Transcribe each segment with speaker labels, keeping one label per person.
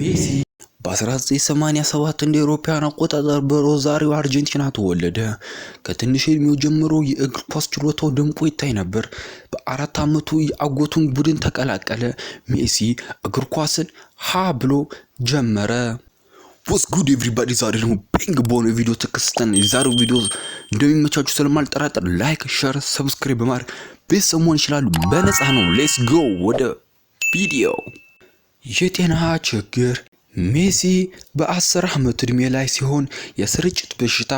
Speaker 1: ሜሲ በ1987 እንደ አውሮፓውያን አቆጣጠር በሮዛሪዮ አርጀንቲና ተወለደ። ከትንሽ ዕድሜው ጀምሮ የእግር ኳስ ችሎታው ደምቆ ይታይ ነበር። በአራት ዓመቱ የአጎቱን ቡድን ተቀላቀለ። ሜሲ እግር ኳስን ሀ ብሎ ጀመረ። ወስ ጉድ ኤቭሪባዲ፣ ዛሬ ደግሞ ቤንግ በሆነ ቪዲዮ ተከስተን የዛሬው ቪዲዮ እንደሚመቻችሁ ስለማልጠራጠር ላይክ፣ ሸር፣ ሰብስክራይብ በማድረግ ቤተሰብ መሆን ይችላሉ። በነፃ ነው። ሌትስ ጎ ወደ ቪዲዮ የጤና ችግር ሜሲ በ10 ዓመት ዕድሜ ላይ ሲሆን የስርጭት በሽታ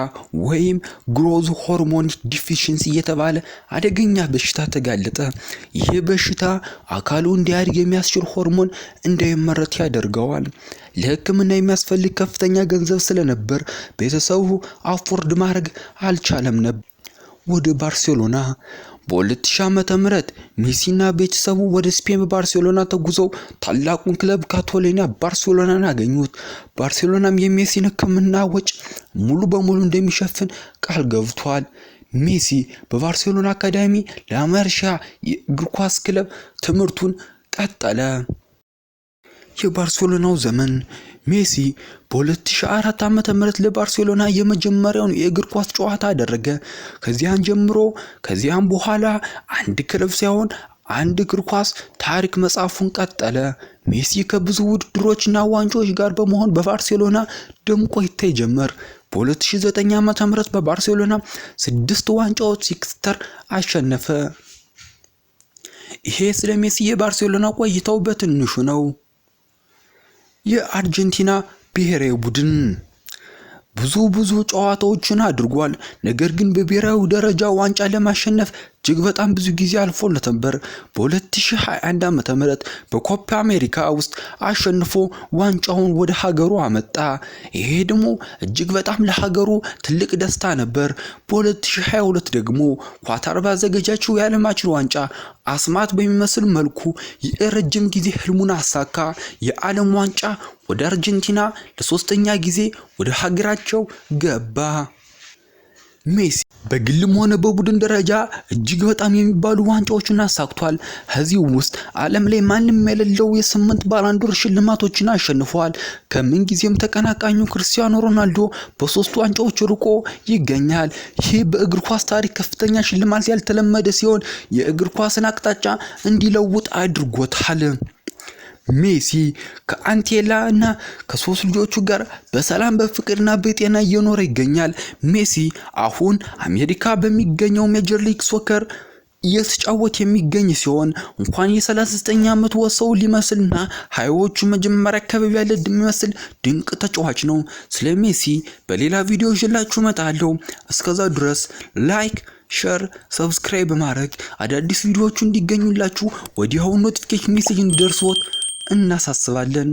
Speaker 1: ወይም ግሮዝ ሆርሞን ዲፊሽንሲ የተባለ አደገኛ በሽታ ተጋለጠ። ይህ በሽታ አካሉ እንዲያድግ የሚያስችል ሆርሞን እንዳይመረት ያደርገዋል። ለሕክምና የሚያስፈልግ ከፍተኛ ገንዘብ ስለነበር ቤተሰቡ አፎርድ ማድረግ አልቻለም ነበር። ወደ ባርሴሎና በ2000 ዓ.ም ሜሲና ቤተሰቡ ወደ ስፔን በባርሴሎና ተጉዘው ታላቁን ክለብ ካቶሊና ባርሴሎናን አገኙት። ባርሴሎናም የሜሲን ሕክምና ወጪ ሙሉ በሙሉ እንደሚሸፍን ቃል ገብቷል። ሜሲ በባርሴሎና አካዳሚ ለማርሻ የእግር ኳስ ክለብ ትምህርቱን ቀጠለ። የባርሴሎናው ዘመን ሜሲ በ2004 ም ለባርሴሎና የመጀመሪያውን የእግር ኳስ ጨዋታ አደረገ። ከዚያን ጀምሮ ከዚያም በኋላ አንድ ክለብ ሳይሆን አንድ እግር ኳስ ታሪክ መጻፉን ቀጠለ። ሜሲ ከብዙ ውድድሮችና ዋንጫዎች ጋር በመሆን በባርሴሎና ደምቆ ይታይ ጀመር። በ2009 ዓ.ም በባርሴሎና ስድስት ዋንጫዎች ሲክስተር አሸነፈ። ይሄ ስለ ሜሲ የባርሴሎና ቆይታው በትንሹ ነው። የአርጀንቲና ብሔራዊ ቡድን ብዙ ብዙ ጨዋታዎችን አድርጓል። ነገር ግን በብሔራዊ ደረጃ ዋንጫ ለማሸነፍ እጅግ በጣም ብዙ ጊዜ አልፎለት ነበር። በ2021 ዓ ም በኮፓ አሜሪካ ውስጥ አሸንፎ ዋንጫውን ወደ ሀገሩ አመጣ። ይሄ ደግሞ እጅግ በጣም ለሀገሩ ትልቅ ደስታ ነበር። በ2022 ደግሞ ኳታር ባዘጋጀችው የዓለማችን ዋንጫ አስማት በሚመስል መልኩ የረጅም ጊዜ ህልሙን አሳካ። የዓለም ዋንጫ ወደ አርጀንቲና ለሶስተኛ ጊዜ ወደ ሀገራቸው ገባ። ሜሲ በግልም ሆነ በቡድን ደረጃ እጅግ በጣም የሚባሉ ዋንጫዎችን አሳክቷል። ከዚህ ውስጥ ዓለም ላይ ማንም የሌለው የስምንት ባላንዶር ሽልማቶችን አሸንፏል። ከምን ጊዜም ተቀናቃኙ ክርስቲያኖ ሮናልዶ በሶስት ዋንጫዎች ርቆ ይገኛል። ይህ በእግር ኳስ ታሪክ ከፍተኛ ሽልማት ያልተለመደ ሲሆን የእግር ኳስን አቅጣጫ እንዲለውጥ አድርጎታል። ሜሲ ከአንቴላ እና ከሶስት ልጆቹ ጋር በሰላም በፍቅርና በጤና እየኖረ ይገኛል። ሜሲ አሁን አሜሪካ በሚገኘው ሜጀር ሊግ ሶከር እየተጫወት የሚገኝ ሲሆን እንኳን የ39 ዓመት ወሰው ሊመስልና ሀያዎቹ መጀመሪያ አካባቢ ያለ የሚመስል ድንቅ ተጫዋች ነው። ስለ ሜሲ በሌላ ቪዲዮ ይዤላችሁ እመጣለሁ። እስከዛ ድረስ ላይክ፣ ሸር፣ ሰብስክራይብ ማድረግ አዳዲስ ቪዲዮዎቹ እንዲገኙላችሁ ወዲያውኑ ኖቲፊኬሽን ሜሴጅ እንዲደርስዎት እናሳስባለን።